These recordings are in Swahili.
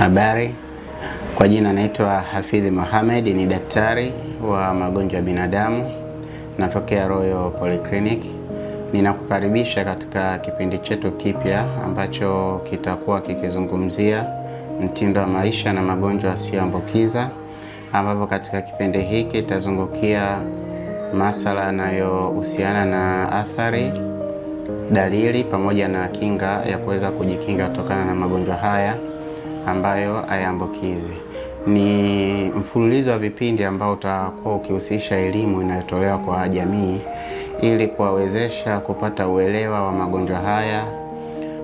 Habari, kwa jina naitwa Hafidhi Mohamed, ni daktari wa magonjwa ya binadamu, natokea Royal Polyclinic. Ninakukaribisha katika kipindi chetu kipya ambacho kitakuwa kikizungumzia mtindo wa maisha na magonjwa yasiyoambukiza, ambapo katika kipindi hiki itazungukia masala yanayohusiana na athari, dalili pamoja na kinga ya kuweza kujikinga kutokana na magonjwa haya ambayo hayaambukizi. Ni mfululizo wa vipindi ambao utakuwa ukihusisha elimu inayotolewa kwa jamii ili kuwawezesha kupata uelewa wa magonjwa haya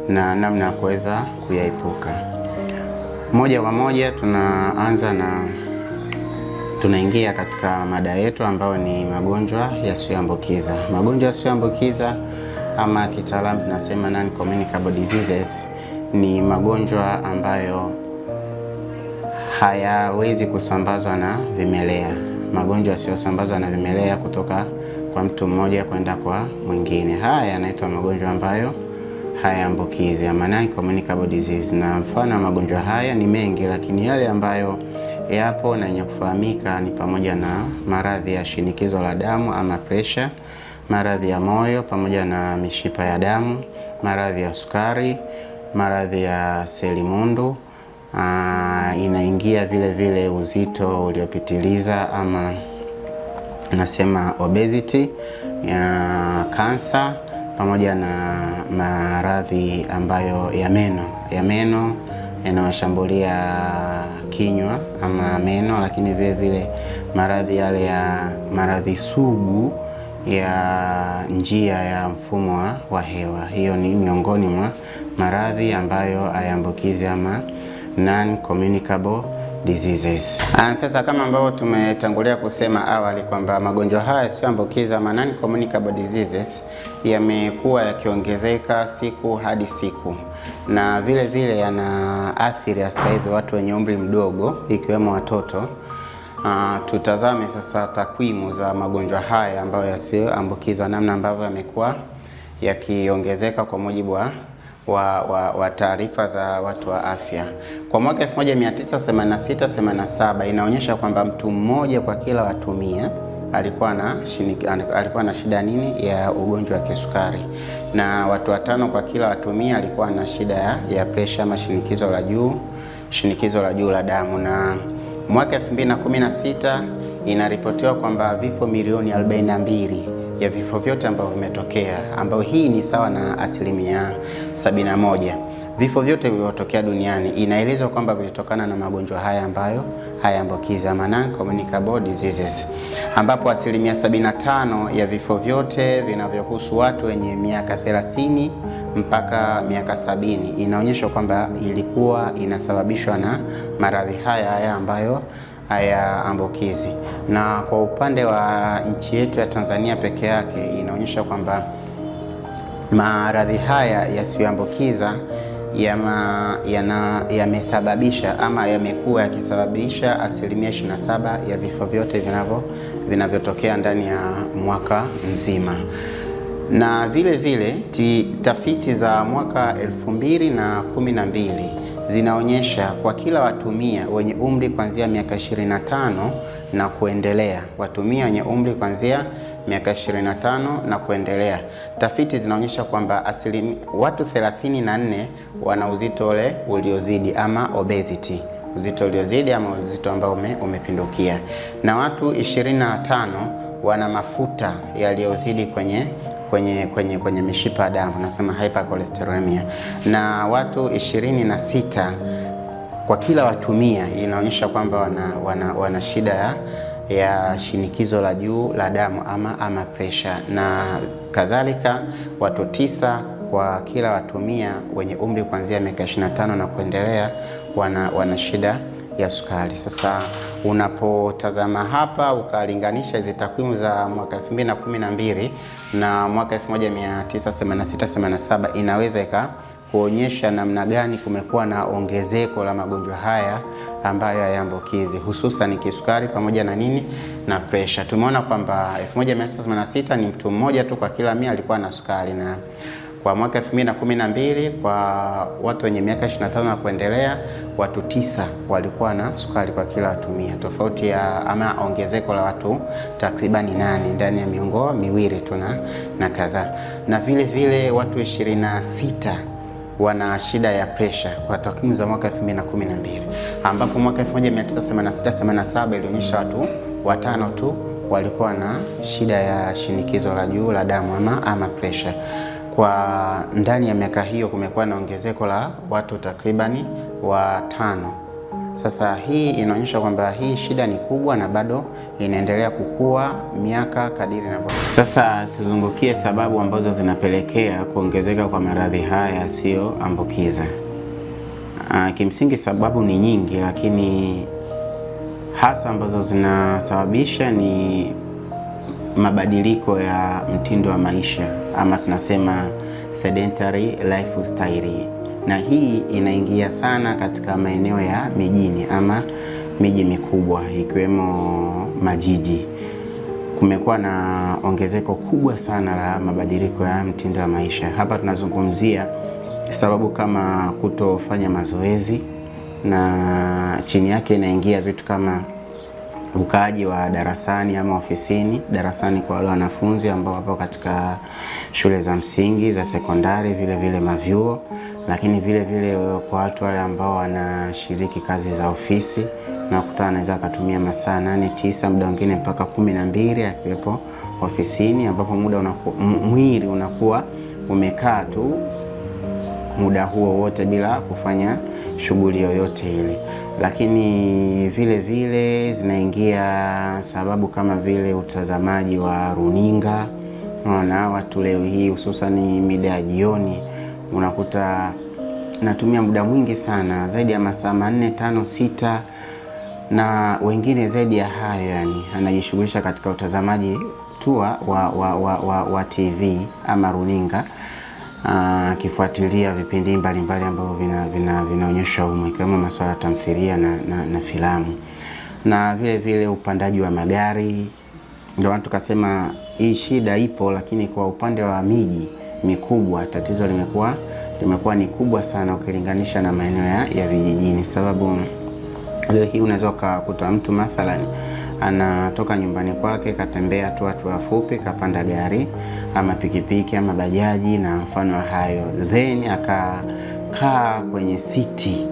na namna ya kuweza kuyaepuka. Moja kwa moja tunaanza na tunaingia katika mada yetu ambayo ni magonjwa yasiyoambukiza. Magonjwa yasiyoambukiza ama kitaalamu tunasema non communicable diseases ni magonjwa ambayo hayawezi kusambazwa na vimelea, magonjwa yasiyosambazwa na vimelea kutoka kwa mtu mmoja kwenda kwa mwingine. Haya yanaitwa magonjwa ambayo hayaambukizi ama communicable disease, na mfano wa magonjwa haya ni mengi, lakini yale ambayo yapo na yenye kufahamika ni pamoja na maradhi ya shinikizo la damu ama pressure, maradhi ya moyo pamoja na mishipa ya damu, maradhi ya sukari maradhi ya selimundu. Uh, ah, inaingia vile vile uzito uliopitiliza ama nasema obesity, kansa pamoja na maradhi ambayo ya meno ya meno yanayoshambulia kinywa ama meno, lakini vile vile maradhi yale ya maradhi sugu ya njia ya mfumo wa hewa. Hiyo ni miongoni mwa maradhi ambayo hayaambukizi ama non communicable diseases. Ah, sasa kama ambavyo tumetangulia kusema awali kwamba magonjwa haya yasiyoambukiza ama non communicable diseases yamekuwa yakiongezeka siku hadi siku na vile vile yanaathiri sasa hivi watu wenye umri mdogo ikiwemo watoto. Uh, tutazame sasa takwimu za magonjwa haya ambayo yasiyoambukizwa namna ambavyo yamekuwa yakiongezeka kwa mujibu wa wa, wa, wa taarifa za watu wa afya kwa mwaka 1986 87 inaonyesha kwamba mtu mmoja kwa kila watu mia alikuwa na, alikuwa na shida nini ya ugonjwa wa kisukari na watu watano kwa kila watu mia alikuwa na shida ya, ya presha ama shinikizo la juu shinikizo la juu la damu. Na mwaka 2016 inaripotiwa kwamba vifo milioni 42 ya vifo vyote ambavyo vimetokea, ambayo hii ni sawa na asilimia moja Vifo vyote vilivyotokea duniani inaelezwa kwamba vilitokana na magonjwa haya ambayo hayaambukiza maana communicable diseases, ambapo asilimia 75 ya vifo vyote vinavyohusu watu wenye miaka 30 mpaka miaka sabini inaonyesha kwamba ilikuwa inasababishwa na maradhi haya haya ambayo haya ambukizi. Na kwa upande wa nchi yetu ya Tanzania peke yake inaonyesha kwamba maradhi haya yasiyoambukiza yamesababisha ya ama yamekuwa yakisababisha asilimia 27 ya vifo vyote vinavyo vinavyotokea ndani ya mwaka mzima. Na vile vile tafiti za mwaka 2012 zinaonyesha kwa kila watumia wenye umri kuanzia miaka 25 na kuendelea, watumia wenye umri kuanzia miaka 25 na kuendelea, tafiti zinaonyesha kwamba asilimi watu 34 wana uzito ule uliozidi ama obesity uzito uliozidi ama uzito ambao ume, umepindukia na watu 25 wana mafuta yaliyozidi kwenye kwenye, kwenye, kwenye mishipa ya damu nasema hypercholesterolemia, na watu ishirini na sita kwa kila watu mia inaonyesha kwamba wana, wana, wana shida ya ya shinikizo la juu la damu ama, ama pressure na kadhalika. Watu tisa kwa kila watu mia wenye umri kuanzia miaka 25 na kuendelea wana, wana shida ya sukari. Sasa Unapotazama hapa ukalinganisha hizi takwimu za mwaka 2012 na mwaka 1986/87 inaweza ika kuonyesha namna gani kumekuwa na ongezeko la magonjwa haya ambayo hayaambukizi hususan kisukari pamoja na nini na presha. Tumeona kwamba 1986 ni mtu mmoja tu kwa kila mia alikuwa na sukari, na kwa mwaka 2012 kwa watu wenye miaka 25 na kuendelea watu tisa walikuwa na sukari kwa kila watu mia, tofauti ya ama ongezeko la watu takribani nane ndani ya miongo miwili tu na kadhaa. Na vile vile watu ishirini na sita wana shida ya presha kwa takwimu za mwaka 2012 ambapo mwaka 1986/87 ilionyesha watu watano tu walikuwa na shida ya shinikizo la juu la damu ama, ama presha. Kwa ndani ya miaka hiyo kumekuwa na ongezeko la watu takribani wa tano. Sasa hii inaonyesha kwamba hii shida ni kubwa na bado inaendelea kukua miaka kadiri na. Sasa tuzungukie sababu ambazo zinapelekea kuongezeka kwa maradhi haya yasiyoambukiza. Ah, kimsingi sababu ni nyingi, lakini hasa ambazo zinasababisha ni mabadiliko ya mtindo wa maisha ama tunasema sedentary lifestyle na hii inaingia sana katika maeneo ya mijini ama miji mikubwa ikiwemo majiji. Kumekuwa na ongezeko kubwa sana la mabadiliko ya mtindo wa maisha. Hapa tunazungumzia sababu kama kutofanya mazoezi, na chini yake inaingia vitu kama ukaaji wa darasani ama ofisini. Darasani kwa wale wanafunzi ambao wapo katika shule za msingi za sekondari, vile vile mavyuo lakini vile vile kwa watu wale ambao wanashiriki kazi za ofisi, nakuta anaweza akatumia masaa nane tisa, muda mwingine mpaka kumi na mbili akiwepo ofisini, ambapo muda unaku, mwili unakuwa umekaa tu muda huo wote bila kufanya shughuli yoyote ile. Lakini vile vile zinaingia sababu kama vile utazamaji wa runinga. Unaona watu leo hii hususani mida ya jioni unakuta natumia muda mwingi sana zaidi ya masaa manne tano sita na wengine zaidi ya hayo, yani anajishughulisha katika utazamaji tu wa, wa, wa, wa, wa TV ama runinga ah, akifuatilia vipindi mbalimbali ambavyo vinaonyeshwa vina, vina humo ikiwemo masuala ya tamthilia na, na, na filamu na vile vile upandaji wa magari. Ndio watu kasema hii shida ipo, lakini kwa upande wa miji mikubwa, tatizo limekuwa limekuwa ni kubwa sana ukilinganisha na maeneo ya, ya vijijini. Sababu leo hii unaweza ukakuta mtu mathalan anatoka nyumbani kwake katembea tu hatua fupi, kapanda gari ama pikipiki ama bajaji na mfano wa hayo, then akakaa kwenye siti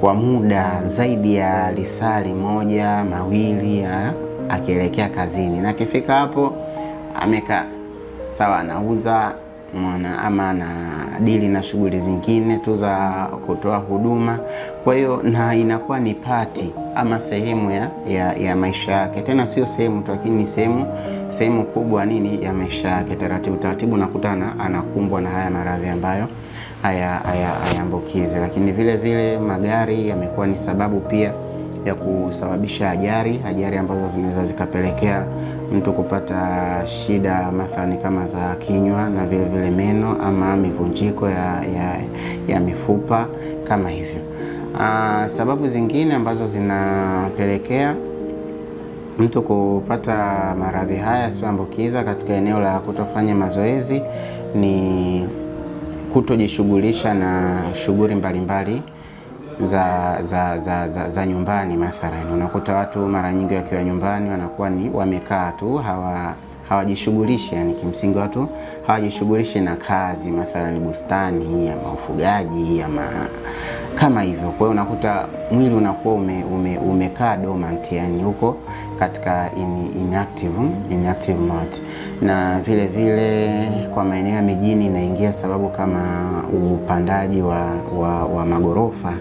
kwa muda zaidi ya lisali moja mawili akielekea kazini, na akifika hapo amekaa sawa, anauza mwana ama na dili na shughuli zingine tu za kutoa huduma. Kwa hiyo na inakuwa ni pati ama sehemu ya, ya, ya maisha yake, tena sio sehemu tu, lakini ni sehemu sehemu kubwa nini ya maisha yake. Taratibu taratibu nakutana anakumbwa na haya maradhi ambayo hayaambukizi haya, lakini vile vile magari yamekuwa ni sababu pia ya kusababisha ajali ajali ambazo zinaweza zikapelekea mtu kupata shida mathalani kama za kinywa na vile vile meno ama mivunjiko ya, ya, ya mifupa kama hivyo. Aa, ah, sababu zingine ambazo zinapelekea mtu kupata maradhi haya yasiyoambukiza katika eneo la kutofanya mazoezi ni kutojishughulisha na shughuli mbalimbali za, za, za, za, za nyumbani mathalani unakuta watu mara nyingi wakiwa nyumbani wanakuwa ni wamekaa tu hawa hawajishughulishi yani, kimsingi watu hawajishughulishi na kazi mathalan bustani ama ufugaji ama kama hivyo. Kwa hiyo unakuta mwili unakuwa ume, ume, umekaa dormant yani huko katika in, inactive, inactive mode. Na vile vile kwa maeneo ya mijini inaingia sababu kama upandaji wa, wa, wa magorofa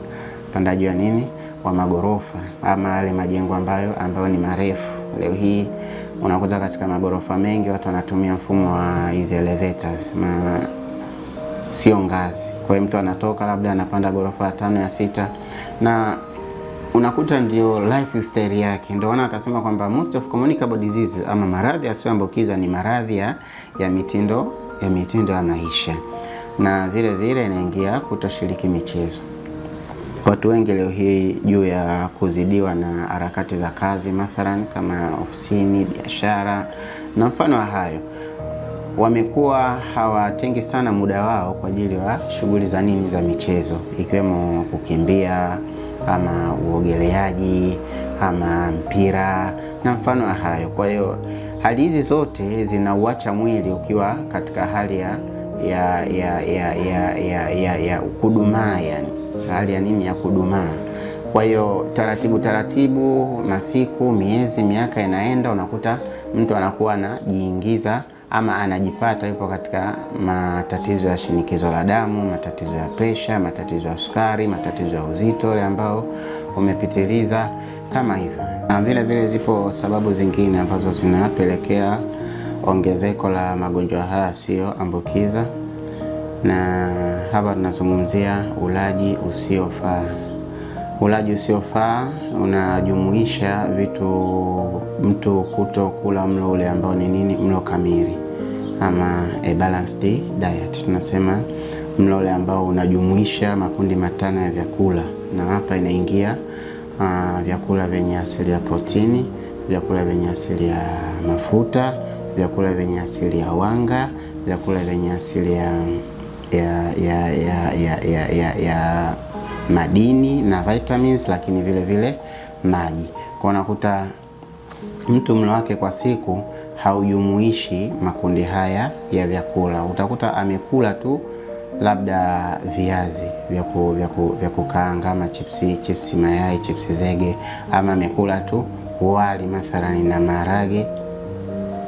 upandaji wa nini wa magorofa ama yale majengo ambayo ambayo ni marefu. Leo hii unakuta katika magorofa mengi watu wanatumia mfumo wa hizi elevators ma, sio ngazi. Kwa hiyo mtu anatoka labda anapanda gorofa ya tano ya sita na unakuta ndio lifestyle yake. Ndio wana akasema kwamba most of communicable diseases ama maradhi yasiyoambukiza ni maradhi ya, ya mitindo ya mitindo ya maisha, na vile vile inaingia kutoshiriki michezo. Watu wengi leo hii juu ya kuzidiwa na harakati za kazi, mathalan kama ofisini, biashara na mfano wa hayo, wamekuwa hawatengi sana muda wao kwa ajili ya shughuli za nini za michezo, ikiwemo kukimbia ama uogeleaji ama mpira na mfano wa hayo. Kwa hiyo hali hizi zote zinauacha mwili ukiwa katika hali ya ya ya ya ya ya, ya, ya kudumaa yani katika hali ya nini ya kudumaa. Kwa hiyo taratibu taratibu, masiku, miezi, miaka inaenda, unakuta mtu anakuwa anajiingiza ama anajipata yupo katika matatizo ya shinikizo la damu, matatizo ya presha, matatizo ya sukari, matatizo ya uzito ule ambao umepitiliza kama hivyo. Na vile vile zipo sababu zingine ambazo zinapelekea ongezeko la magonjwa haya siyo ambukiza na hapa tunazungumzia ulaji usiofaa. Ulaji usiofaa unajumuisha vitu, mtu kuto kula mlo ule ambao ni nini, mlo kamili ama a balanced diet. Tunasema mlo ule ambao unajumuisha makundi matano ya vyakula, na hapa inaingia uh, vyakula vyenye asili ya protini, vyakula vyenye asili ya mafuta, vyakula vyenye asili ya wanga, vyakula vyenye asili ya ya, ya, ya, ya, ya, ya, ya madini na vitamins, lakini vile vile maji. Kwa unakuta mtu mlo wake kwa siku haujumuishi makundi haya ya vyakula. Utakuta amekula tu labda viazi vya kukaanga ama chipsi, chipsi mayai, chipsi zege, ama amekula tu wali mathalani na maharage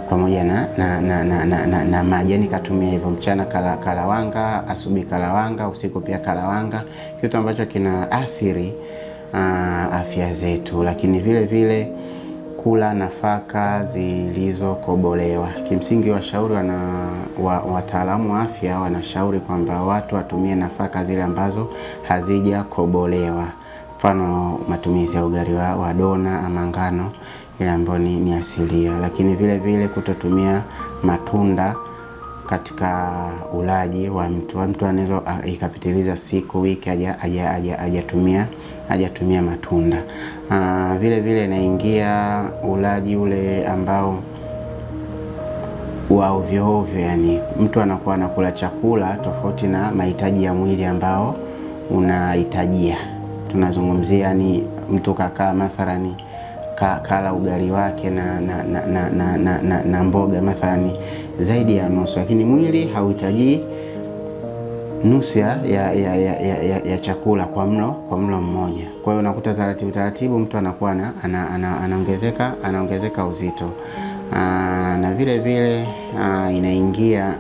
pamoja na, na, na, na, na, na, na maji. Yani katumia hivyo mchana kala, kalawanga, asubuhi kalawanga, usiku pia kalawanga, kitu ambacho kina uh, afya zetu, lakini vile vile kula nafaka zilizokobolewa. Kimsingi washauri wana, wa, wataalamu wa afya wanashauri kwamba watu watumie nafaka zile ambazo hazijakobolewa, mfano matumizi ya ugari wa, wa dona ama ngano ile ambayo ni, ni asilia, lakini vile vile kutotumia matunda katika ulaji wa mtu. Mtu anaweza ikapitiliza siku wiki hajatumia hajatumia matunda. Aa, vile vile naingia ulaji ule ambao wa ovyo ovyo, yani mtu anakuwa anakula chakula tofauti na mahitaji ya mwili ambao unahitajia. Tunazungumzia ni mtu kakaa mathalani ka, kala ugali wake na, na, na, na, na, na, na, na mboga mathalani zaidi ya nusu, lakini mwili hauhitajii nusu ya, ya, ya, ya, ya chakula kwa mlo kwa mlo mmoja. Kwa hiyo unakuta taratibu taratibu mtu anakuwa anaongezeka ana, ana anaongezeka uzito aa, ah, na vile vile aa, ah, inaingia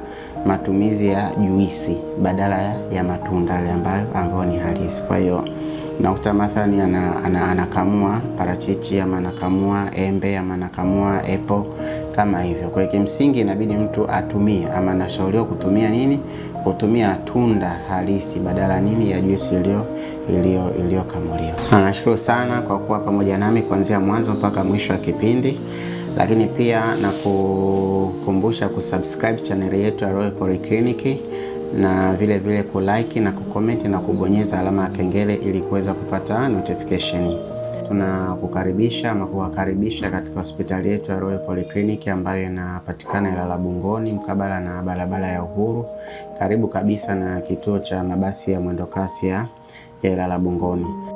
matumizi ya juisi badala ya, ya matunda yale ambayo ambayo ni halisi, kwa hiyo Nakuta mathalani ana, ana, anakamua parachichi ama anakamua embe ama anakamua epo kama hivyo. Kwa hiyo kimsingi inabidi mtu atumie ama anashauriwa kutumia nini? Kutumia tunda halisi badala nini ya juisi iliyo iliyo iliyokamuliwa. Nashukuru sana kwa kuwa pamoja nami kuanzia mwanzo mpaka mwisho wa kipindi, lakini pia na kukumbusha kusubscribe chaneli yetu ya Royal Polyclinic na vile vile kulike na kukomenti na kubonyeza alama ya kengele ili kuweza kupata notification. Tunakukaribisha ama kuwakaribisha katika hospitali yetu ya Royal Polyclinic ambayo inapatikana Ilala Bungoni, mkabala na barabara ya Uhuru, karibu kabisa na kituo cha mabasi ya mwendokasi ya Ilala Bungoni.